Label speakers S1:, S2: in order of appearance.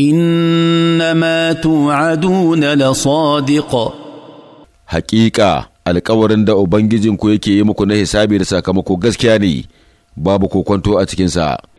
S1: إنما توعدون لصادق
S2: حقيقة alkawarin da Ubangijinku yake yi muku na hisabi da sakamako gaskiya ne, babu kwanto a cikinsa.